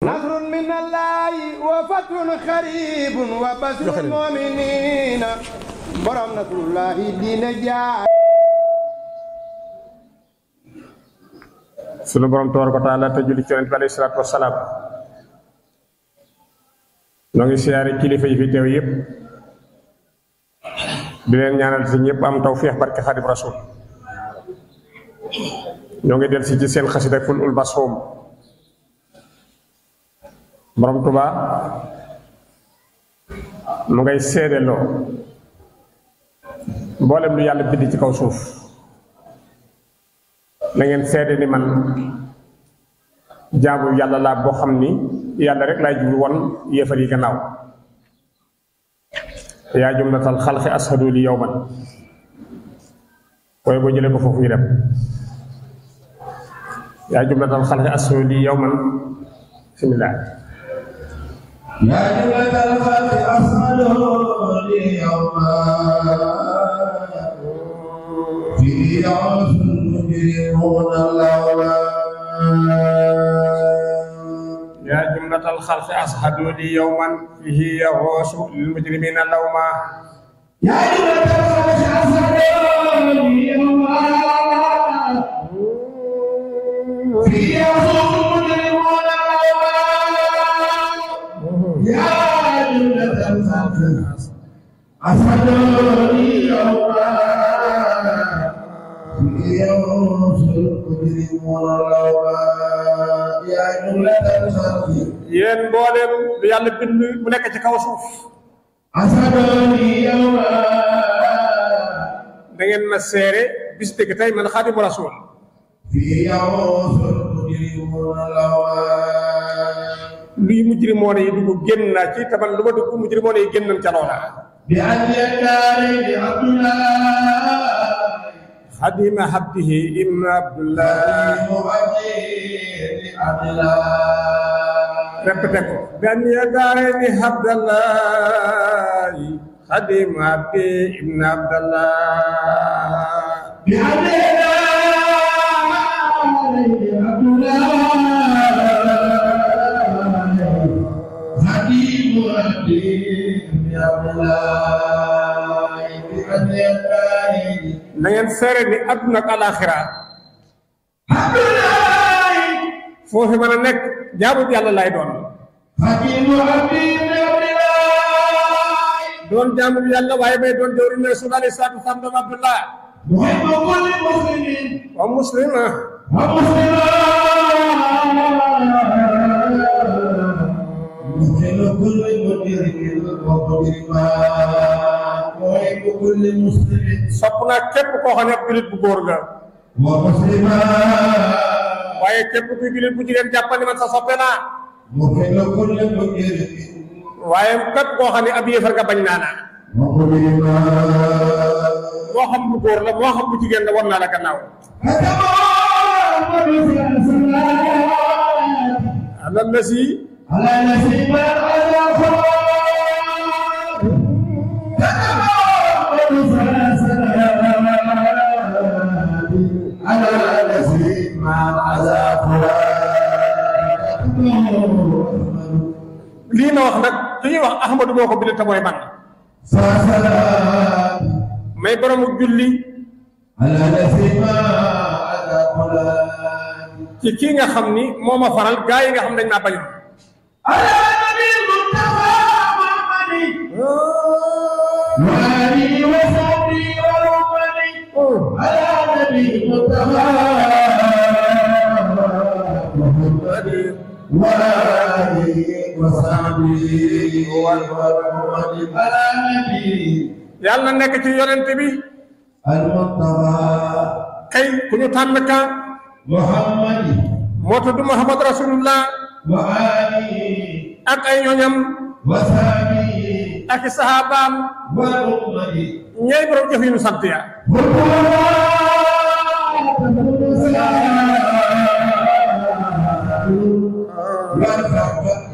نصر من الله وفتح قريب وبشر المؤمنين برم الله دين جاء taala te julli ci yonent bi alayhi salaatu wasalaam noo ngi siyaare di ñaanal si ñëpp am tawfiix barke xadim rasul ñoo ngi del si ci seen xasida ful ul borom Tuuba mu ngay seedeloo mboolem lu yàlla bind ci kaw suuf na ngeen seede ni man jaamu yàlla laa boo xam ni yàlla rek laay jublu woon yéefar yi gannaaw yaa jumlatal xalqi ashadu li yawman waaye boo jëlee ko foofu ñu dem yaa jumlatal xalqi ashadu li yawman يا جملة الخلق أسأله لي يوما فيه يا أصحدوا لي يوما فيه يغوص المجرمين اللوما يا جملة الخلق yéen mboolem lu yàlla bind mu nekk ci kaw suuf. da ngeen ma seere bis dëgg tey man xaadimu rasul. luy mujrimoon yi dugg génn naa ci taban lu ma dugg mujrimoon yi génn nañ ca loola. bi an yakaari bi abdullah هدم عبده ابن عبد الله ربتكو بن يدارني عبد الله خدم عبدي ابن عبد الله ngeen seere ni àdduna ak alaaxira foo fi mën a nekk jaamu yàlla lay doon doon jaamu yàlla waaye may doon jawri ne su daal isaatu sàndam abdullah wa muslima wa muslima wa muslima li kulli muslimin sopp naa bu wa muslima waaye képp ku julit bu jigéen jàppal man sa soppe naa mu xel kulli muslimin waaye képp koo xam ne ab yéefar nga muslima moo xam bu la xam bu la la gannaaw lii ma wax nag wax ahmadu moo bind te mooy man may borom julli ci kii nga xam ni faral gaa nga xam dañ maa bañ ala nabi mustafa wali wa sabri wa oh. ala nabi mustafa وآله وصحبه وسلم على النبي يالنا نك تي يونت بي المصطفى كاي كنو تانكا محمد موتو محمد رسول الله وآله ak ay ñoñam wasaabi ak sahabaam wal ummati ñay borom jëf yi ñu sant ya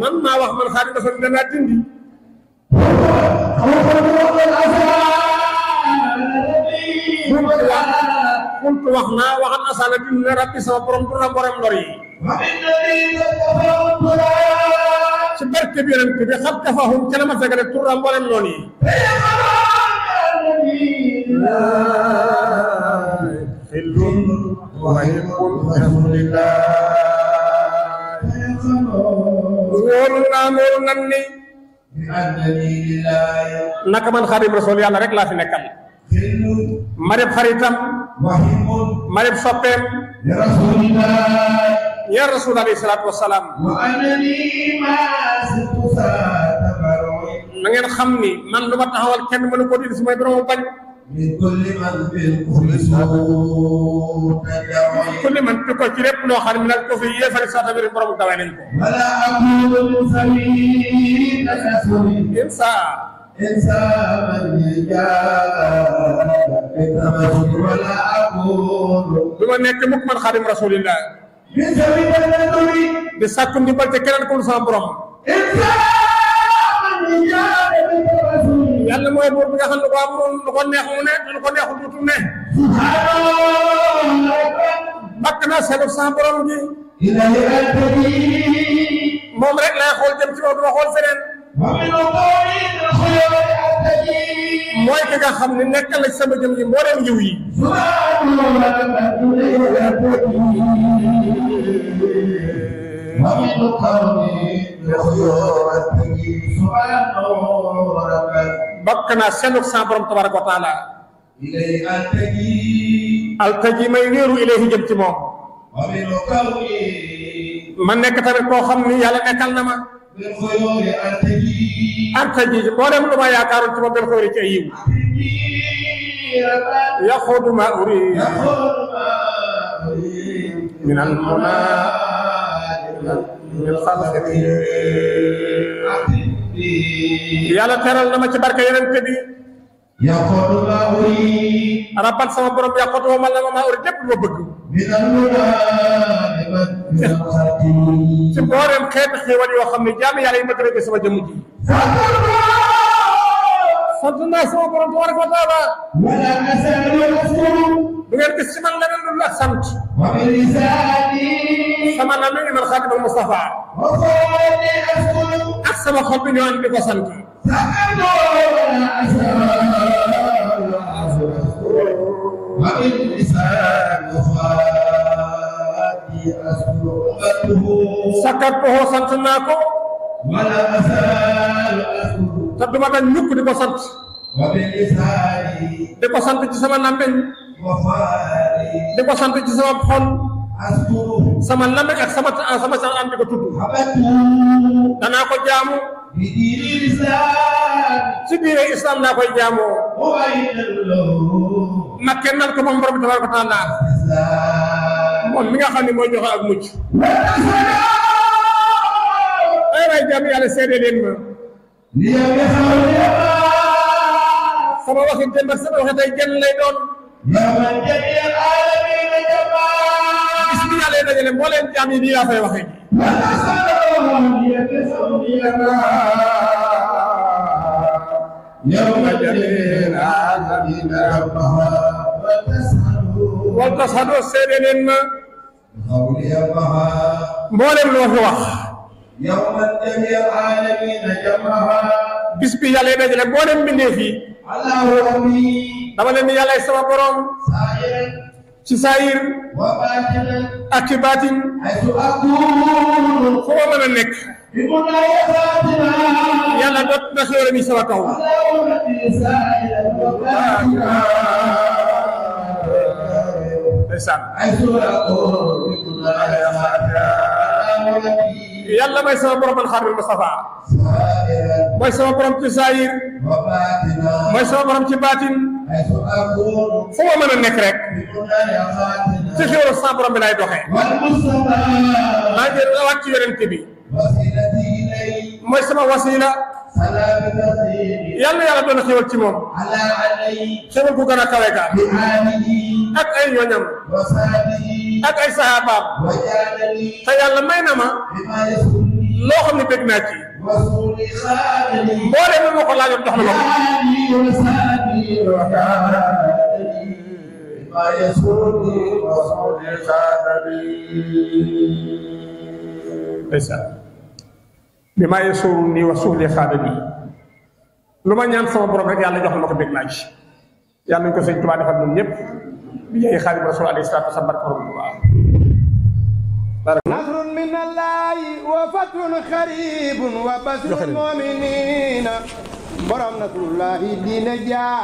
man maa wax man xaar dafa danaa dindi. buntu wax buntu wax naa waxan asala dindi na rabbi sama borom du na borom lor yi. ci barke bi yonent bi xam kafahum ca la ma fekk rek turam borom noon yi. حلو وهيم الحمد لله wóolu naa wóolu nan ni naka man xaadim rasul yàlla rek laa fi nekkal ma def xaritam ma def soppeem ya rasul alayhi salaatu wasalaam na ngeen xam ni man lu ma taxawal kenn mënu ko dindi su may borom bañ min kulli man bi ko ci lépp loo xam ne nag ko fi yéefari saata bi borom gawe nañ ko. wala akulu sami tasasuri. insa. insa man jaa wala akulu. du ma nekk mukk man xaadim rasulillah. min sami tasasuri. di sàkku ndimbal te keneen ku dul sama borom. insa man jaa yàlla mooy buur bi nga xam ne ko am lu ko neex mu ne te lu ko neexul duutu ne. bakk naa seetlu sa borom gi. moom rek lay xool jëm ci moom du ma xool feneen. mooy ki nga xam ne nekk la sama jëm gi moo dem yiw yi. ومن قرني لخيار الدين فأنا ربك بكنا سلوك سامبرم تبارك وتعالى التجي ما يغيرو إليه جمتمو من نكتب الكوخم يالا نكال نما التجي التجي بولم لما يأكارو انتبا بالخوري كأيو يخوض ما أريد من المنا من الخلق yàlla teral na ma ci barke yonent bi yàqootu ma uri rabban sama borom yàqootu ma man la ma maa uri lépp lu ma bëgg ci mboolem xeeti xéewal yoo xam ne jaam yàlla yi ma gërëm sama jëmm ji sant naa sama borom tabaraka wa taala wala asal askuru du ngeen gis ci man leneen lu la sant wa bi lisaani sama na mi man xaatim al Mustafa wa qawli askuru ak sama xol bi ñu andi ko sant saxando wala asal askuru wa bi lisaani xaati askuru sakkat ko sant naa ko wala asal askuru te duma dañ mukk di ko sant di ko sant ci sama nambeñ di ko sant ci sama xol sama lambe ak sama sama sa am ko tuddu dana ko jaamu ci biire islam la koy jaamu ma kennal ko mom borom tabaraka taala mom mi nga xamni joxe ak mucc ay yalla sédé len ma li nga xamal ne sama waxi démb sama waxi tey jën lay doon. yaa man jëndi aalamiina jabbaar. bis bi yàlla dajale mbooleem jaam yi nii laa fay waxee. yow ma jëndi aalamiina jabbaar. wal tashhadu seede leen ma. mbooleem lu wax. يوم تجمع العالمين جمعها بسبي يلا بدل بولم بني في الله ربي دما لن يلا سما بروم سائر سائر وباطل اكبات حيث اكون فو من نك بمناياتنا يلا دوت نخير مي سما كاو الله ربي سائر وباطل حيث اكون بمناياتنا yàlla mooy sama borom man xaaral ma safa mooy sama borom ci saayir mooy sama borom ci baatin fu ma mën a nekk rek ci xéwal sama borom bi laay doxee maa ngi rawat ci yonent bi mooy sama wasila yàlla yàlla doon xéwal ci moom xéwal ku gën a kawe ga ak ay ñooñam أدعي صحابة سيالا مينما لو خمني بيك ناكي بولي من بما يسرني وسهلي خادمي لما ينصب بروبك يالله يخلق بيك ناكي يالله يخلق بيك bi jaay xaadim rasul alayhi salaatu wa salaam barke borom Tuubaa nasrun min allaahi wa fatun xaribun wa basirul muminina borom nasrullahi diine jaa